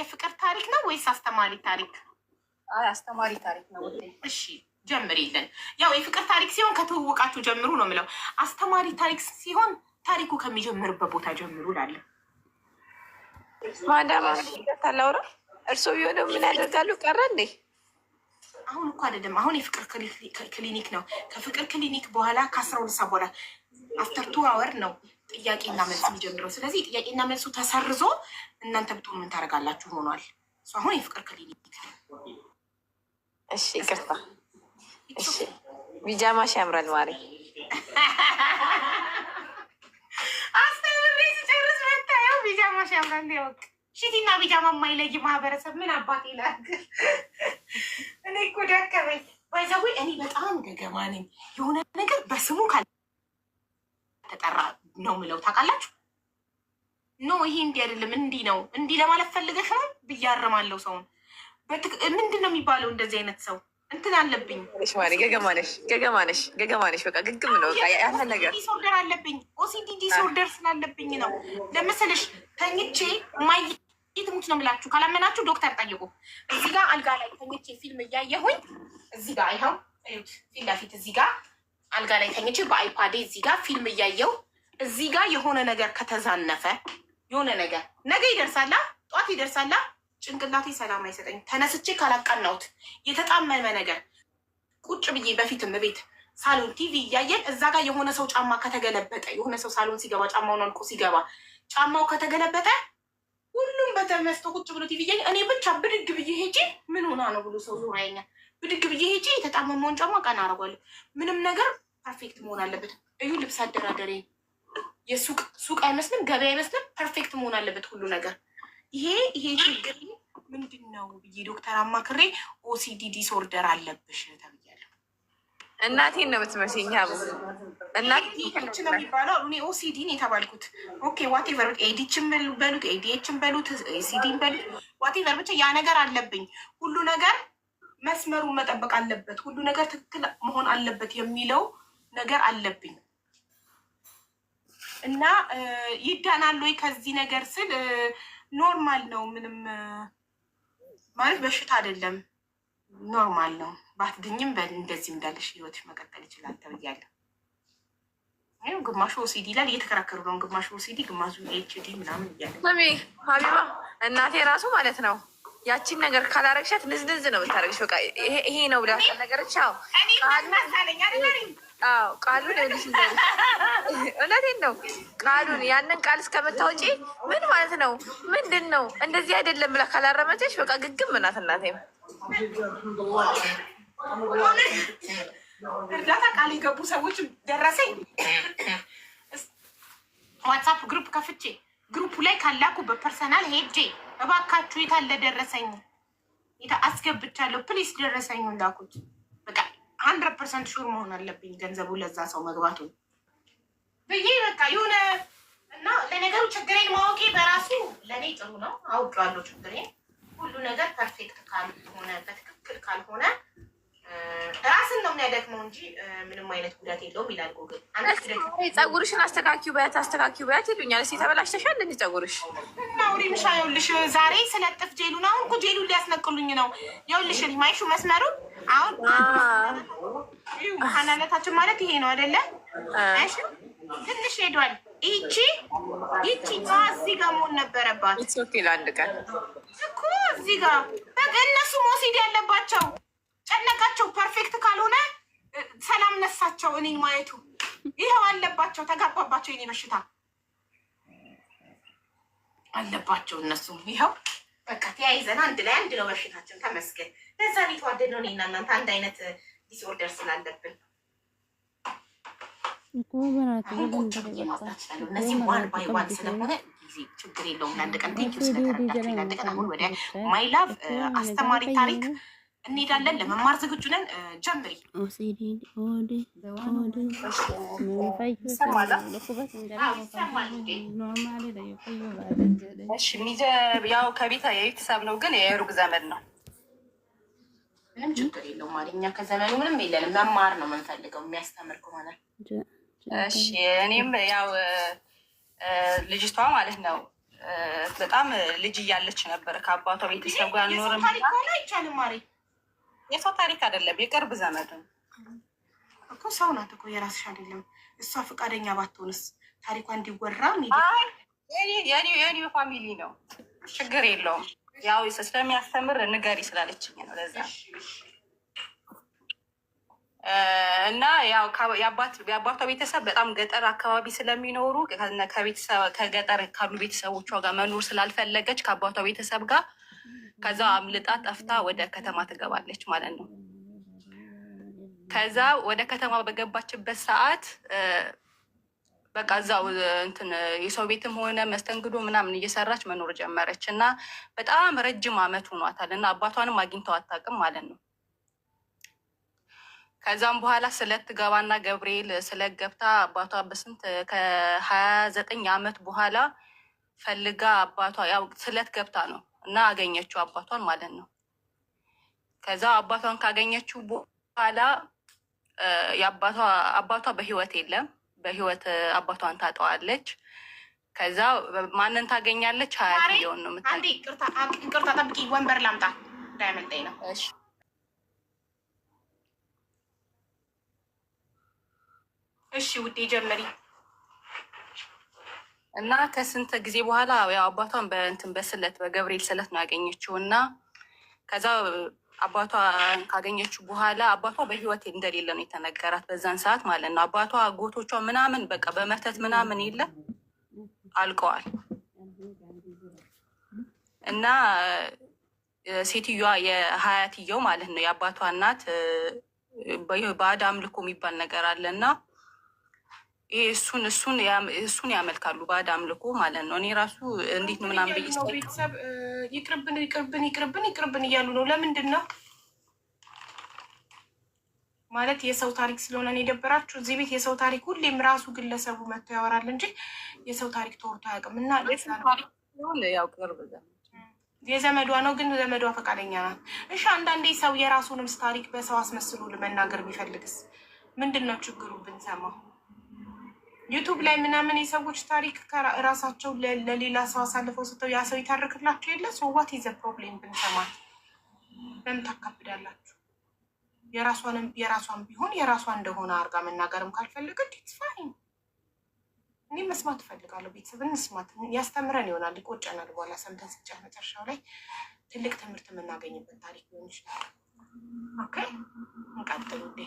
የፍቅር ታሪክ ነው ወይስ አስተማሪ ታሪክ? አስተማሪ ታሪክ ነው። እሺ ጀምሪልን። ያው የፍቅር ታሪክ ሲሆን ከትውውቃችሁ ጀምሩ ነው የምለው። አስተማሪ ታሪክ ሲሆን ታሪኩ ከሚጀምርበት ቦታ ጀምሩ ላለን ማዳም ታላውራ እርስዎ ቢሆነው ምን ያደርጋሉ? ቀረ እንዴ? አሁን እኮ አይደለም። አሁን የፍቅር ክሊኒክ ነው። ከፍቅር ክሊኒክ በኋላ ከአስራ ሁለት ሰዓት በኋላ አፍተር ቱ አወር ነው ጥያቄና መልስ የሚጀምረው። ስለዚህ ጥያቄና መልሱ ተሰርዞ እናንተ ብትሆኑ ምን ታደርጋላችሁ? ሆኗል። አሁን የፍቅር ክሊኒክ እሺ፣ ይቅርታ። እሺ፣ ቢጃማሽ ያምራል ማሪ አስተምሪ ሲጨርስ መታየው ቢጃማሽ ያምራል እንዲያወቅ ሽቲና ቢጃማ የማይለይ ማህበረሰብ ምን አባት ይላል። እኔ እኮ ደከመኝ። ባይዛዊ እኔ በጣም ገገማ ነኝ። የሆነ ነገር በስሙ ካልተጠራ ነው ምለው ታውቃላችሁ ኖ ይሄ እንዲህ አይደለም፣ እንዲህ ነው፣ እንዲህ ለማለት ፈልገሽ ነው ብያርማለሁ። ሰውን ምንድን ነው የሚባለው? እንደዚህ አይነት ሰው እንትን አለብኝ። ገገማነሽ ገገማነሽ ገገማነሽ በቃ ግግም ነው ያለ ነገር ዲስኦርደር አለብኝ። ኦሲዲ ዲስኦርደር ስላለብኝ ነው ለምስልሽ ተኝቼ ማይ ትሙት ነው የምላችሁ። ካላመናችሁ ዶክተር ጠይቁ። እዚህ ጋር አልጋ ላይ ተኝቼ ፊልም እያየሁኝ እዚህ ጋር ይኸው ፊት ለፊት እዚህ ጋር አልጋ ላይ ተኝቼ በአይፓዴ እዚህ ጋር ፊልም እያየው እዚህ ጋር የሆነ ነገር ከተዛነፈ የሆነ ነገር ነገ ይደርሳላ፣ ጠዋት ይደርሳላ። ጭንቅላቴ ሰላም አይሰጠኝ። ተነስቼ ካላቃናሁት የተጣመመ ነገር ቁጭ ብዬ በፊትም ቤት ሳሎን ቲቪ እያየን እዛ ጋር የሆነ ሰው ጫማ ከተገለበጠ የሆነ ሰው ሳሎን ሲገባ ጫማውን አልቆ ሲገባ ጫማው ከተገለበጠ ሁሉም በተመስጦ ቁጭ ብሎ ቲቪ እያየን እኔ ብቻ ብድግ ብዬ ሄጄ ምን ሆና ነው ብሎ ሰው ዞር ያየኛል። ብድግ ብዬ ሄጄ የተጣመመውን ጫማ ቀና አደርጓለሁ። ምንም ነገር ፐርፌክት መሆን አለበት። እዩ ልብስ አደራደሬ የሱቅ ሱቅ አይመስልም፣ ገበያ አይመስልም። ፐርፌክት መሆን አለበት ሁሉ ነገር። ይሄ ይሄ ችግር ምንድን ነው ብዬ ዶክተር አማክሬ ኦሲዲ ዲስኦርደር አለብሽ ተብያለሁ። እናቴን ነው የምትመስለኝ አቡ እናቴች ነው የሚባለው። እኔ ኦሲዲን የተባልኩት ኦኬ ዋቴቨር ኤዲችን በሉት ኤዲችን በሉት ሲዲን በሉት ዋቴቨር ብቻ ያ ነገር አለብኝ። ሁሉ ነገር መስመሩን መጠበቅ አለበት፣ ሁሉ ነገር ትክክል መሆን አለበት የሚለው ነገር አለብኝ። እና ይዳናል ወይ ከዚህ ነገር ስል ኖርማል ነው፣ ምንም ማለት በሽታ አይደለም፣ ኖርማል ነው። ባትድኝም እንደዚህ እንዳለሽ ህይወትሽ መቀጠል ይችላል ተብያለሁ። ወይም ግማሹ ኦሲዲ ይላል እየተከራከሩ ነው። ግማሹ ኦሲዲ፣ ግማሹ ኤችዲ ምናምን እያለ ሀቢባ እናቴ ራሱ ማለት ነው ያቺን ነገር ካላረግሻት ንዝንዝ ነው ብታረግሽ። በቃ ይሄ ነው ብላ ነገረች። አዎ ቃሉን ይኸውልሽ፣ እውነቴን ነው። ቃሉን ያንን ቃል እስከምታውጪ ምን ማለት ነው? ምንድን ነው? እንደዚህ አይደለም ብላ ካላረመተሽ በቃ ግግም ናት። እናቴ እርዳታ ቃል የገቡ ሰዎች ደረሰኝ ዋትሳፕ ግሩፕ ከፍቼ ግሩፕ ላይ ካላኩ በፐርሰናል ሄጄ እባካችሁ የታለ ደረሰኝ አስገብቻለሁ፣ ፕሊስ ደረሰኝ እንዳኩት ሀንድረድ ፐርሰንት ሹር መሆን አለብኝ ገንዘቡ ለዛ ሰው መግባቱ ብዬ በቃ የሆነ እና ለነገሩ ችግሬን ማወቄ በራሱ ለእኔ ጥሩ ነው። አውቄዋለሁ ችግሬን። ሁሉ ነገር ፐርፌክት ካልሆነ በትክክል ካልሆነ ራስን ነው የሚያደክመው እንጂ ምንም አይነት ጉዳት የለውም ይላል ጎግል። ጸጉርሽን አስተካኪው በያት አስተካኪው በያት ይሉኛል። እስኪ ተበላሽተሻል እንጂ ፀጉርሽ ናውሪ ምሻ። ይኸውልሽ ዛሬ ስለጥፍ ጄሉን አሁን እኮ ጄሉን ሊያስነቅሉኝ ነው። ይኸውልሽ ማይሹ መስመሩ አሁን ሀላላታችን ማለት ይሄ ነው አይደለ? ትንሽ ሄዷል። ይቺ ይቺ እዚህ ጋር መሆን ነበረባት እኮ እዚህ ጋር በቃ እነሱ መውሲድ ያለባቸው ጨነቃቸው። ፐርፌክት ካልሆነ ሰላም ነሳቸው። እኔን ማየቱ ይኸው አለባቸው። ተጋባባቸው። የኔ በሽታ አለባቸው እነሱ ይኸው በቃ ተያይዘን አንድ ላይ አንድ ነው በሽታችን። ተመስገን። ለዛ ነው እኔና እናንተ አንድ አይነት ዲስኦርደር ስላለብን እነዚህም ዋን ባይ ዋን ስለሆነ ጊዜ ችግር የለውም። ለአንድ ቀን ቴንኪው ስለተረዳችሁ ለአንድ ቀን አሁን ወደ ማይ ላቭ አስተማሪ ታሪክ እንሄዳለን። ለመማር ዝግጁ ነን። ጀምሪ። ያው ከቤታ የቤተሰብ ነው፣ ግን የሩቅ ዘመን ነው። ምንም ችግር የለውም። ማለኛ ከዘመኑ ምንም የለንም። መማር ነው የምንፈልገው የሚያስተምር ከሆነ እሺ። እኔም ያው ልጅቷ ማለት ነው በጣም ልጅ እያለች ነበር ከአባቷ ቤተሰብ ጋር ኖርም የሰው ታሪክ አይደለም፣ የቅርብ ዘመድ እኮ ሰው ናት እኮ የራስሽ አይደለም። እሷ ፈቃደኛ ባትሆንስ ታሪኳ እንዲወራ የኔ ፋሚሊ ነው፣ ችግር የለውም። ያው ስለሚያስተምር ንገሪ ስላለችኝ ነው ለዛ እና ያው የአባቷ ቤተሰብ በጣም ገጠር አካባቢ ስለሚኖሩ ከቤተሰብ ከገጠር ካሉ ቤተሰቦቿ ጋር መኖር ስላልፈለገች ከአባቷ ቤተሰብ ጋር ከዛ አምልጣ ጠፍታ ወደ ከተማ ትገባለች ማለት ነው። ከዛ ወደ ከተማ በገባችበት ሰዓት በቃ እዛው እንትን የሰው ቤትም ሆነ መስተንግዶ ምናምን እየሰራች መኖር ጀመረች እና በጣም ረጅም ዓመት ሆኗታል እና አባቷንም አግኝተው አታውቅም ማለት ነው። ከዛም በኋላ ስለትገባና ገብርኤል ስለገብታ አባቷ በስንት ከሀያ ዘጠኝ ዓመት በኋላ ፈልጋ አባቷ ያው ስለት ገብታ ነው እና አገኘችው አባቷን ማለት ነው። ከዛ አባቷን ካገኘችው በኋላ አባቷ በህይወት የለም። በህይወት አባቷን ታጠዋለች። ከዛ ማንን ታገኛለች? ሀያት ሊሆን ነው። ይቅርታ ጠብቂ፣ ወንበር ላምጣ እንዳያመልጠኝ ነው። እሺ ውዴ ጀመሪ እና ከስንት ጊዜ በኋላ ያው አባቷን በእንትን በስለት በገብርኤል ስለት ነው ያገኘችው። እና ከዛ አባቷ ካገኘችው በኋላ አባቷ በህይወት እንደሌለ ነው የተነገራት በዛን ሰዓት ማለት ነው። አባቷ ጎቶቿ ምናምን በቃ በመተት ምናምን የለ አልቀዋል። እና ሴትዮዋ የሀያትየው ማለት ነው የአባቷ እናት በአድ አምልኮ የሚባል ነገር አለ እና እሱን እሱን እሱን ያመልካሉ ባዕድ አምልኮ ማለት ነው። እኔ ራሱ እንዴት ነው ምናምን ብዬ ቤተሰብ ይቅርብን ይቅርብን ይቅርብን ይቅርብን እያሉ ነው። ለምንድን ነው ማለት የሰው ታሪክ ስለሆነ ነው የደበራችሁ። እዚህ ቤት የሰው ታሪክ ሁሌም ራሱ ግለሰቡ መጥቶ ያወራል እንጂ የሰው ታሪክ ተወርቶ አያውቅም። እና የዘመዷ ነው ግን ዘመዷ ፈቃደኛ ናት። እሺ አንዳንዴ ሰው የራሱንም ታሪክ በሰው አስመስሎ ለመናገር ቢፈልግስ ምንድን ነው ችግሩ? ብንሰማው ዩቱብ ላይ ምናምን የሰዎች ታሪክ ራሳቸው ለሌላ ሰው አሳልፈው ስተው ያ ሰው ይታርክላቸው የለ ሰዋት ይዘ ፕሮብሌም ብንሰማት ለምን ታካብዳላችሁ? የራሷንም የራሷን ቢሆን የራሷ እንደሆነ አድርጋ መናገርም ካልፈለገ ዲትፋይን እኔ መስማት እፈልጋለሁ። ቤተሰብ እንስማት፣ ያስተምረን ይሆናል። ይቆጨናል በኋላ ሰምተን ስጫ መጨረሻው ላይ ትልቅ ትምህርት የምናገኝበት ታሪክ ሊሆን ይችላል። ኦኬ እንቀጥል እንዴ?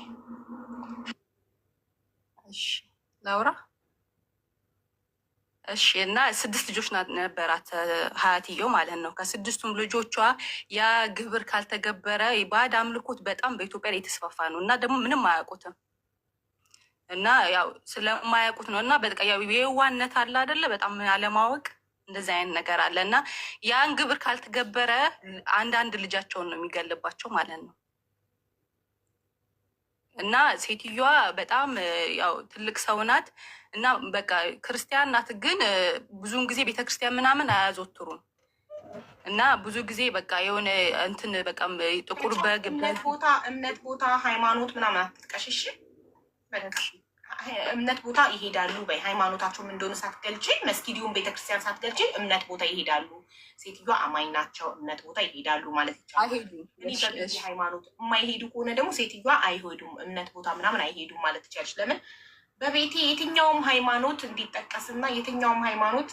ላውራ እሺ እና ስድስት ልጆች ነበራት ሀያትየው ማለት ነው። ከስድስቱም ልጆቿ ያ ግብር ካልተገበረ ባዕድ አምልኮት በጣም በኢትዮጵያ የተስፋፋ ነው እና ደግሞ ምንም አያውቁትም እና ያው ስለማያውቁት ነው እና በቃ ያው የዋነት አለ አደለ በጣም አለማወቅ እንደዚህ አይነት ነገር አለ እና ያን ግብር ካልተገበረ አንዳንድ ልጃቸውን ነው የሚገልባቸው ማለት ነው። እና ሴትዮዋ በጣም ያው ትልቅ ሰው ናት። እና በቃ ክርስቲያን ናት፣ ግን ብዙውን ጊዜ ቤተክርስቲያን ምናምን አያዘወትሩም። እና ብዙ ጊዜ በቃ የሆነ እንትን በቃ ጥቁር በግ እምነት ቦታ ሃይማኖት ምናምን አትጥቀሽ አትጥቀሽሽ እምነት ቦታ ይሄዳሉ። ወይ? ሃይማኖታቸውም እንደሆነ ሳትገልጪ መስጊዲውን ቤተክርስቲያን ሳትገልጪ እምነት ቦታ ይሄዳሉ። ሴትዮዋ አማኝ ናቸው፣ እምነት ቦታ ይሄዳሉ ማለት ይቻላል። ሃይማኖት የማይሄዱ ከሆነ ደግሞ ሴትዮዋ አይሄዱም፣ እምነት ቦታ ምናምን አይሄዱም ማለት ይቻላል። ለምን በቤቴ የትኛውም ሃይማኖት እንዲጠቀስና የትኛውም ሃይማኖት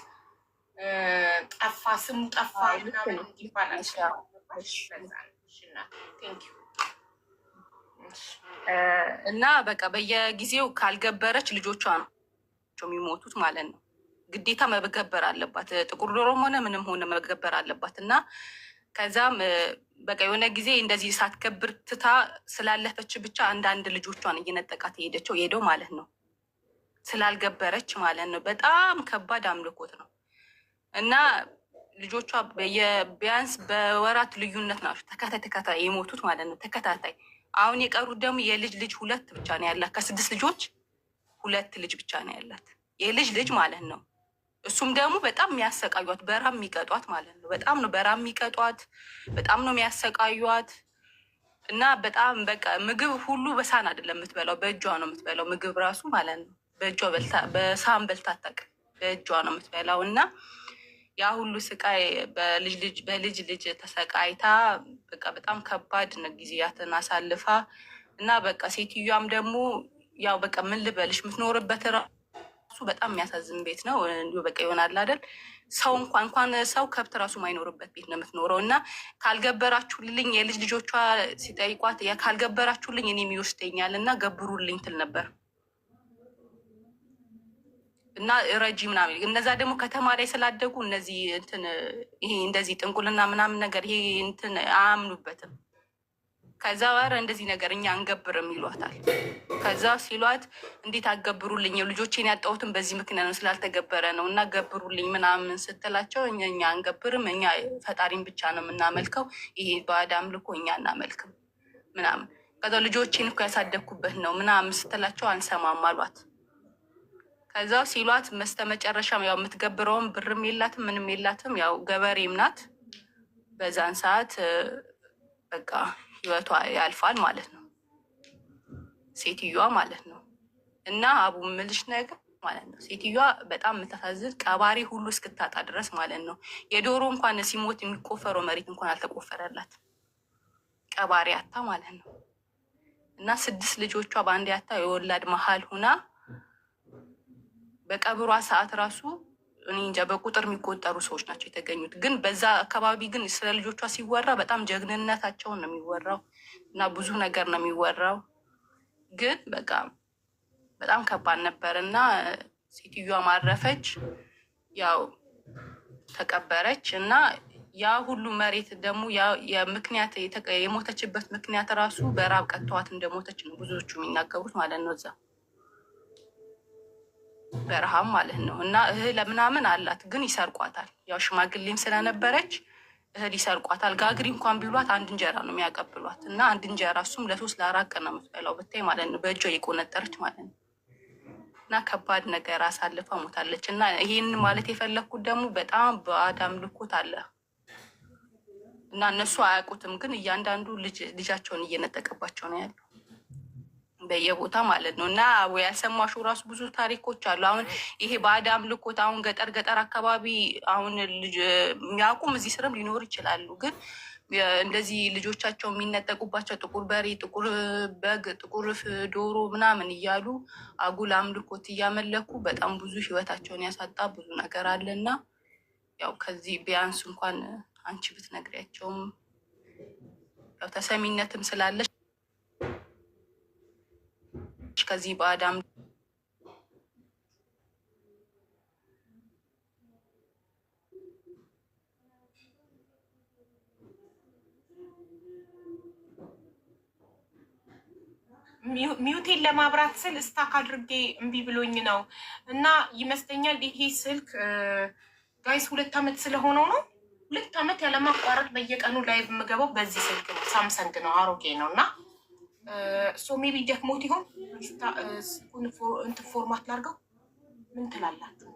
ጠፋ፣ ስሙ ጠፋ ምናምን ይባላል። እና በቃ በየጊዜው ካልገበረች ልጆቿ ነው የሚሞቱት ማለት ነው። ግዴታ መገበር አለባት። ጥቁር ዶሮም ሆነ ምንም ሆነ መገበር አለባት እና ከዛም በቃ የሆነ ጊዜ እንደዚህ ሳትከብር ትታ ስላለፈች ብቻ አንዳንድ ልጆቿን እየነጠቃት የሄደችው ሄደው ማለት ነው ስላልገበረች ማለት ነው። በጣም ከባድ አምልኮት ነው እና ልጆቿ ቢያንስ በወራት ልዩነት ናቸው ተከታይ ተከታይ የሞቱት ማለት ነው ተከታታይ አሁን የቀሩት ደግሞ የልጅ ልጅ ሁለት ብቻ ነው ያላት። ከስድስት ልጆች ሁለት ልጅ ብቻ ነው ያላት፣ የልጅ ልጅ ማለት ነው። እሱም ደግሞ በጣም የሚያሰቃዩት በራ የሚቀጧት ማለት ነው። በጣም ነው በራ የሚቀጧት፣ በጣም ነው የሚያሰቃዩት። እና በጣም በቃ ምግብ ሁሉ በሳን አይደለም የምትበላው፣ በእጇ ነው የምትበላው። ምግብ ራሱ ማለት ነው በእጇ በሳን በልታ አታውቅም፣ በእጇ ነው የምትበላው እና ያ ሁሉ ስቃይ በልጅ ልጅ ተሰቃይታ በቃ በጣም ከባድ ነው ጊዜያትን አሳልፋ እና በቃ ሴትዮዋም ደግሞ ያው በቃ ምን ልበልሽ የምትኖርበት ራሱ በጣም የሚያሳዝን ቤት ነው። እንዲሁ በቃ ይሆናል አይደል ሰው እንኳን እንኳን ሰው ከብት ራሱ ማይኖርበት ቤት ነው የምትኖረው። እና ካልገበራችሁልኝ የልጅ ልጆቿ ሲጠይቋት ካልገበራችሁልኝ እኔም ይወስደኛል እና ገብሩልኝ ትል ነበር። እና ረጂ ምናምን እነዛ ደግሞ ከተማ ላይ ስላደጉ እነዚህ እንትን ይሄ እንደዚህ ጥንቁልና ምናምን ነገር ይሄ እንትን አያምኑበትም። ከዛ ኧረ እንደዚህ ነገር እኛ አንገብርም ይሏታል። ከዛ ሲሏት እንዴት አገብሩልኝ ልጆቼን ያጣሁትን በዚህ ምክንያት ነው ስላልተገበረ ነው እና ገብሩልኝ ምናምን ስትላቸው እኛ አንገብርም፣ እኛ ፈጣሪን ብቻ ነው የምናመልከው፣ ይሄ ባዕድ አምልኮ እኛ አናመልክም ምናምን። ከዛ ልጆቼን እኮ ያሳደግኩበት ነው ምናምን ስትላቸው አንሰማም አሏት። ከዛው ሲሏት መስተመጨረሻም ያው የምትገብረውም ብርም የላትም ምንም የላትም። ያው ገበሬም ናት። በዛን ሰዓት በቃ ህይወቷ ያልፋል ማለት ነው፣ ሴትዮዋ ማለት ነው። እና አቡ ምልሽ ነገር ማለት ነው። ሴትዮዋ በጣም የምታሳዝን ቀባሪ ሁሉ እስክታጣ ድረስ ማለት ነው። የዶሮ እንኳን ሲሞት የሚቆፈረው መሬት እንኳን አልተቆፈረላት ቀባሪ አታ ማለት ነው። እና ስድስት ልጆቿ በአንድ ያታ የወላድ መሀል ሁና በቀብሯ ሰዓት ራሱ እኔ እንጃ በቁጥር የሚቆጠሩ ሰዎች ናቸው የተገኙት። ግን በዛ አካባቢ ግን ስለ ልጆቿ ሲወራ በጣም ጀግንነታቸውን ነው የሚወራው እና ብዙ ነገር ነው የሚወራው። ግን በቃ በጣም ከባድ ነበር እና ሴትዮዋ ማረፈች፣ ያው ተቀበረች እና ያ ሁሉ መሬት ደግሞ ምክንያት የሞተችበት ምክንያት ራሱ በራብ ቀጥተዋት እንደሞተች ነው ብዙዎቹ የሚናገሩት ማለት ነው እዛ በረሃም ማለት ነው። እና እህል ምናምን አላት፣ ግን ይሰርቋታል። ያው ሽማግሌም ስለነበረች እህል ይሰርቋታል። ጋግሪ እንኳን ቢሏት አንድ እንጀራ ነው የሚያቀብሏት። እና አንድ እንጀራ እሱም ለሶስት ለአራት ቀን ነው የምትበላው ብታይ ማለት ነው፣ በእጇ እየቆነጠረች ማለት ነው። እና ከባድ ነገር አሳልፋ ሞታለች። እና ይህን ማለት የፈለግኩት ደግሞ በጣም በአዳም ልኮት አለ እና እነሱ አያውቁትም፣ ግን እያንዳንዱ ልጃቸውን እየነጠቀባቸው ነው ያለው። በየቦታ ማለት ነው። እና ያልሰማሹ ራሱ ብዙ ታሪኮች አሉ። አሁን ይሄ ባዕድ አምልኮት አሁን ገጠር ገጠር አካባቢ አሁን የሚያውቁም እዚህ ስርም ሊኖር ይችላሉ ግን እንደዚህ ልጆቻቸው የሚነጠቁባቸው ጥቁር በሬ፣ ጥቁር በግ፣ ጥቁር ዶሮ ምናምን እያሉ አጉል አምልኮት እያመለኩ በጣም ብዙ ህይወታቸውን ያሳጣ ብዙ ነገር አለ እና ያው ከዚህ ቢያንስ እንኳን አንቺ ብትነግሪያቸውም ያው ተሰሚነትም ስላለች ከዚህ በአዳም ሚውቴን ለማብራት ስል እስታክ አድርጌ እምቢ ብሎኝ ነው እና ይመስለኛል ይሄ ስልክ ጋይስ ሁለት ዓመት ስለሆነው ነው። ሁለት ዓመት ያለማቋረጥ በየቀኑ ላይ የምገባው በዚህ ስልክ ነው። ሳምሰንግ ነው፣ አሮጌ ነው እና ሶ ሜቢ ደክሞት ይሆን እንትን ፎርማት ላድርገው። ምን ትላላችሁ?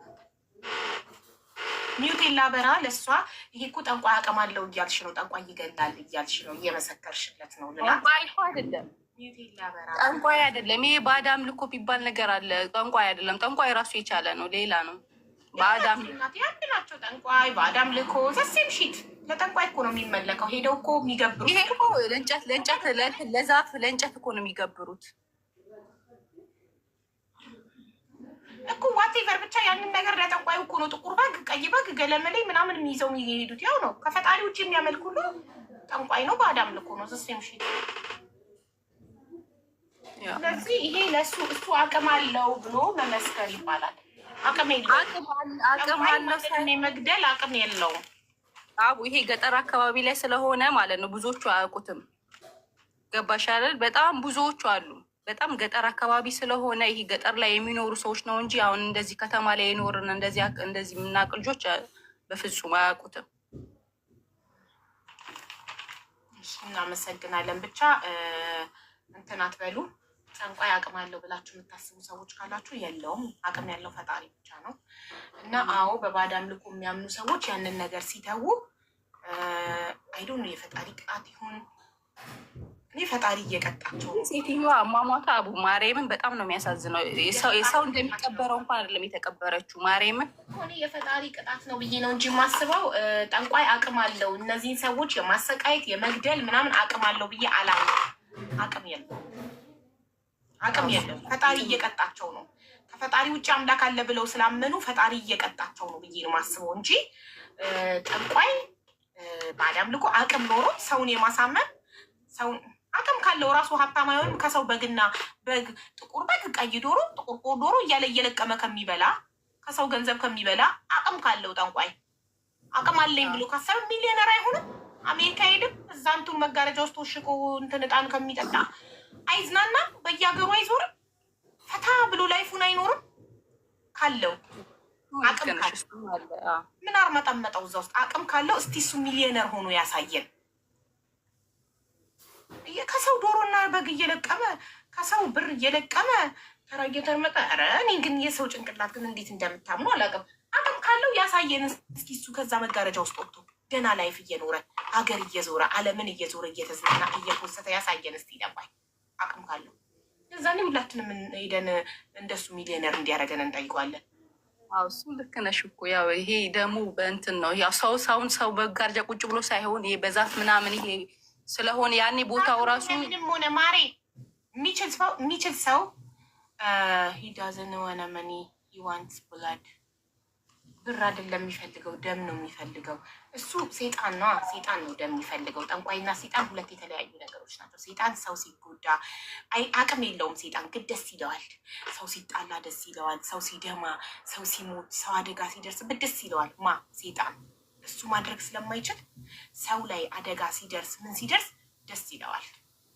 ሚውቴን ላበራ። ለእሷ ይሄ እኮ ጠንቋይ አቅም አለው እያልሽ ነው፣ ጠንቋይ ይገላል እያልሽ ነው፣ እየመሰከርሽለት ነው። ጠንቋይ አይደለም ይሄ ባዳም ልኮ ቢባል ነገር አለ። ጠንቋይ አይደለም። ጠንቋይ ራሱ የቻለ ነው፣ ሌላ ነው። በአዳም አንድ ናቸው። ጠንቋይ በአዳም ልኮ ዘሴም ሺት ለጠንቋይ እኮ ነው የሚመለከው። ሄደው እኮ የሚገብሩት ይሄ እኮ ለእንጨት ለእንጨት ለዛፍ ለእንጨት እኮ ነው የሚገብሩት እኮ ዋቴቨር ብቻ ያንን ነገር ለጠንቋይ እኮ ነው። ጥቁር በግ፣ ቀይ በግ፣ ገለመሌ ምናምን የሚይዘው የሚሄዱት ያው ነው። ከፈጣሪ ውጭ የሚያመልክ ሁሉ ጠንቋይ ነው፣ በአዳም ልኮ ነው ዘሴም ሺት ስለዚህ ይሄ ለእሱ እሱ አቅም አለው ብሎ መመስከር ይባላል። አቅም የለውም የመግደል አቅም የለውም። አቡ ይሄ ገጠር አካባቢ ላይ ስለሆነ ማለት ነው ብዙዎቹ አያውቁትም። ገባሽ አይደል? በጣም ብዙዎቹ አሉ። በጣም ገጠር አካባቢ ስለሆነ ይሄ ገጠር ላይ የሚኖሩ ሰዎች ነው እንጂ አሁን እንደዚህ ከተማ ላይ የኖርን እንደዚህ እንደዚህ የምናውቅ ልጆች በፍጹም አያውቁትም። እናመሰግናለን ብቻ እንትን አትበሉ። ጠንቋይ አቅም አለው ብላችሁ የምታስቡ ሰዎች ካላችሁ የለውም። አቅም ያለው ፈጣሪ ብቻ ነው እና አዎ፣ በባዕድ አምልኮ የሚያምኑ ሰዎች ያንን ነገር ሲተዉ አይዶ ነው የፈጣሪ ቅጣት ይሁን እኔ ፈጣሪ እየቀጣቸው። ሴትዮዋ አሟሟታ አቡ ማርያምን በጣም ነው የሚያሳዝነው። ሰው እንደሚቀበረው እንኳን አይደለም የተቀበረችው ማርያምን። እኔ የፈጣሪ ቅጣት ነው ብዬ ነው እንጂ የማስበው ጠንቋይ አቅም አለው እነዚህን ሰዎች የማሰቃየት የመግደል ምናምን አቅም አለው ብዬ አላ አቅም የለው አቅም የለም። ፈጣሪ እየቀጣቸው ነው። ከፈጣሪ ውጭ አምላክ አለ ብለው ስላመኑ ፈጣሪ እየቀጣቸው ነው ብዬ ነው የማስበው እንጂ ጠንቋይ ባዕድ አቅም ኖሮ ሰውን የማሳመን ሰውን አቅም ካለው ራሱ ሀብታም አይሆንም። ከሰው በግና በግ ጥቁር በግ፣ ቀይ ዶሮ፣ ጥቁር ዶሮ እያለ እየለቀመ ከሚበላ ከሰው ገንዘብ ከሚበላ አቅም ካለው ጠንቋይ አቅም አለኝ ብሎ ካሰብ ሚሊዮነር አይሆንም። አሜሪካ ሄድም እዛንቱን መጋረጃ ውስጥ ውሽቁ እንትን እጣን ከሚጠጣ አይዝናናም? በየሀገሩ አይዞርም? ፈታ ብሎ ላይፉን አይኖርም? ካለው አቅም ካለ ምን አርመጠመጠው እዛ ውስጥ አቅም ካለው እስቲ እሱ ሚሊዮነር ሆኖ ያሳየን። ከሰው ዶሮና በግ እየለቀመ ከሰው ብር እየለቀመ ተራ እየተርመጠ ኧረ እኔ ግን የሰው ጭንቅላት ግን እንዴት እንደምታምኑ አላውቅም። አቅም ካለው ያሳየን እስኪ እሱ ከዛ መጋረጃ ውስጥ ወጥቶ ገና ላይፍ እየኖረ ሀገር እየዞረ ዓለምን እየዞረ እየተዝናና እየፖሰተ ያሳየን እስቲ ይለባል። አቅም ካለው እዛኔ ሁላችንም ሄደን እንደሱ ሚሊዮነር እንዲያደርገን እንጠይቀዋለን። አዎ እሱ ልክ ነሽ እኮ ያው ይሄ ደግሞ በእንትን ነው ያው ሰው ሰውን ሰው በጋርጃ ቁጭ ብሎ ሳይሆን ይሄ በዛፍ ምናምን ይሄ ስለሆነ ያኔ ቦታው ራሱ ምንም ሆነ ማሬ የሚችል ሰው ሂዳዝን ዋነ መኒ ሂዋንስ ብላድ ብር አይደለም የሚፈልገው፣ ደም ነው የሚፈልገው። እሱ ሴጣን ነዋ። ሴጣን ነው ደም የሚፈልገው። ጠንቋይና ሴጣን ሁለት የተለያዩ ነገሮች ናቸው። ሴጣን ሰው ሲጎዳ አቅም የለውም። ሴጣን ግን ደስ ይለዋል። ሰው ሲጣላ ደስ ይለዋል። ሰው ሲደማ፣ ሰው ሲሞት፣ ሰው አደጋ ሲደርስበት ደስ ይለዋል። ማ ሴጣን እሱ ማድረግ ስለማይችል ሰው ላይ አደጋ ሲደርስ ምን ሲደርስ ደስ ይለዋል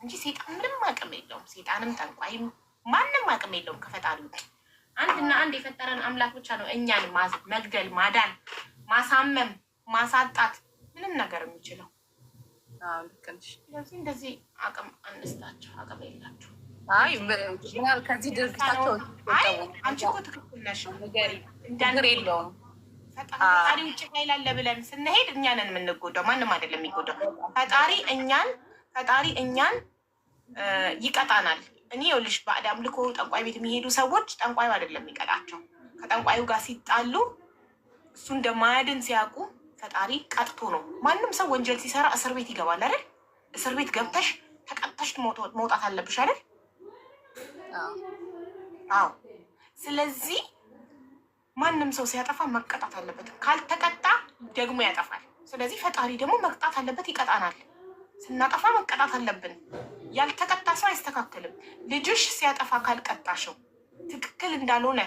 እንጂ ሴጣን ምንም አቅም የለውም። ሴጣንም ጠንቋይም ማንም አቅም የለውም ከፈጣሪ ውጭ አንድ እና አንድ የፈጠረን አምላክ ብቻ ነው እኛን መግደል፣ ማዳን፣ ማሳመም፣ ማሳጣት ምንም ነገር የሚችለው። ስለዚህ እንደዚህ አቅም አንስታቸው አቅም የላቸው። ከዚህ ድርጊታቸው ፈጣሪ ውጭ ኃይል አለ ብለን ስንሄድ እኛንን የምንጎዳው ማንም አይደለም የሚጎዳው ፈጣሪ እኛን ፈጣሪ እኛን ይቀጣናል። እኔ ይኸውልሽ ባዕድ አምልኮ ጠንቋይ ቤት የሚሄዱ ሰዎች ጠንቋዩ አይደለም የሚቀጣቸው። ከጠንቋዩ ጋር ሲጣሉ እሱ እንደማያድን ሲያውቁ ፈጣሪ ቀጥቶ ነው። ማንም ሰው ወንጀል ሲሰራ እስር ቤት ይገባል አይደል? እስር ቤት ገብተሽ ተቀጥተሽ መውጣት አለብሽ አይደል? አዎ። ስለዚህ ማንም ሰው ሲያጠፋ መቀጣት አለበት። ካልተቀጣ ደግሞ ያጠፋል። ስለዚህ ፈጣሪ ደግሞ መቅጣት አለበት፣ ይቀጣናል። ስናጠፋ መቀጣት አለብን። ያልተቀጣ ሰው አይስተካከልም። ልጅሽ ሲያጠፋ ካልቀጣሽው ትክክል እንዳልሆነ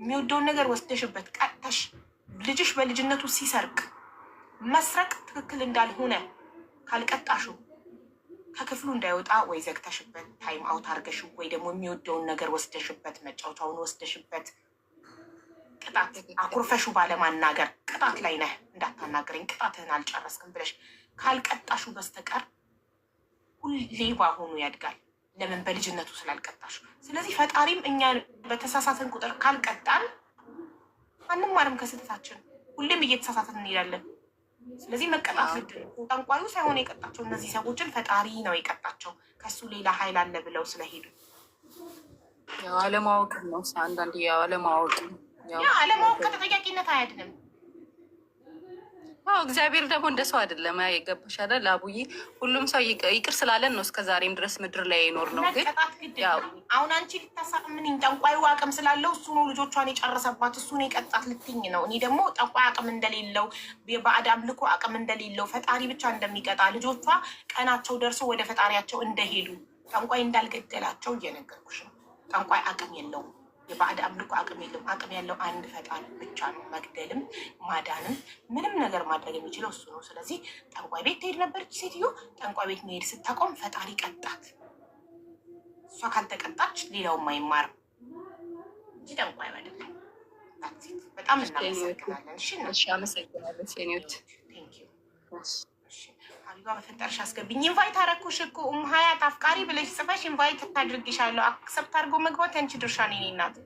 የሚወደውን ነገር ወስደሽበት ቀጥተሽ ልጅሽ በልጅነቱ ሲሰርቅ መስረቅ ትክክል እንዳልሆነ ካልቀጣሽው ከክፍሉ እንዳይወጣ ወይ ዘግተሽበት ታይም አውት አርገሽ ወይ ደግሞ የሚወደውን ነገር ወስደሽበት መጫወቻውን ወስደሽበት ቅጣት አኩርፈሹ ባለማናገር ቅጣት ላይ ነህ እንዳታናገረኝ ቅጣትህን አልጨረስክም ብለሽ ካልቀጣሹ በስተቀር ሁሌ ሆኖ ያድጋል። ለምን? በልጅነቱ ስላልቀጣሹ። ስለዚህ ፈጣሪም እኛ በተሳሳተን ቁጥር ካልቀጣን አንማርም ከስህተታችን፣ ሁሌም እየተሳሳተን እንሄዳለን። ስለዚህ መቀጣት ግድ ነው። ጠንቋዩ ሳይሆን የቀጣቸው እነዚህ ሰዎችን ፈጣሪ ነው የቀጣቸው፣ ከሱ ሌላ ኃይል አለ ብለው ስለሄዱ ያው አለማወቅ ነው። አንዳንድ ያው አለማወቅ ነው። አለማወቅ ከተጠያቂነት አያድንም። አዎ እግዚአብሔር ደግሞ እንደ ሰው አይደለም። የገባሽ አይደል አቡዬ? ሁሉም ሰው ይቅር ስላለን ነው እስከ ዛሬም ድረስ ምድር ላይ የኖር ነው። ግን አሁን አንቺ ልታሳምንኝ ጠንቋዩ አቅም ስላለው እሱ ነው ልጆቿን የጨረሰባት፣ እሱ ነው የቀጣት ልትኝ ነው። እኔ ደግሞ ጠንቋይ አቅም እንደሌለው የባዕድ አምልኮ አቅም እንደሌለው ፈጣሪ ብቻ እንደሚቀጣ ልጆቿ ቀናቸው ደርሶ ወደ ፈጣሪያቸው እንደሄዱ ጠንቋይ እንዳልገደላቸው እየነገርኩሽ ነው። ጠንቋይ አቅም የለውም። የባዕድ አምልኮ አቅም የለም። አቅም ያለው አንድ ፈጣሪ ብቻ ነው። መግደልም ማዳንም ምንም ነገር ማድረግ የሚችለው እሱ ነው። ስለዚህ ጠንቋይ ቤት ትሄድ ነበረች ሴትዮ። ጠንቋይ ቤት መሄድ ስታቆም ፈጣሪ ቀጣት። እሷ ካልተቀጣች ሌላውም አይማርም እንጂ ጠንቋይ አይደለም። በጣም እናመሰግናለን። እሺ፣ አመሰግናለን ሴኒዮት ጋር በፈጠርሽ አስገብኝ። ኢንቫይት አረኩሽ እኮ ሀያት አፍቃሪ ብለሽ ጽፈሽ ኢንቫይት ታድርግሻለሁ። አክሰብት አድርጎ መግባት ያንቺ ድርሻ ነው። እናት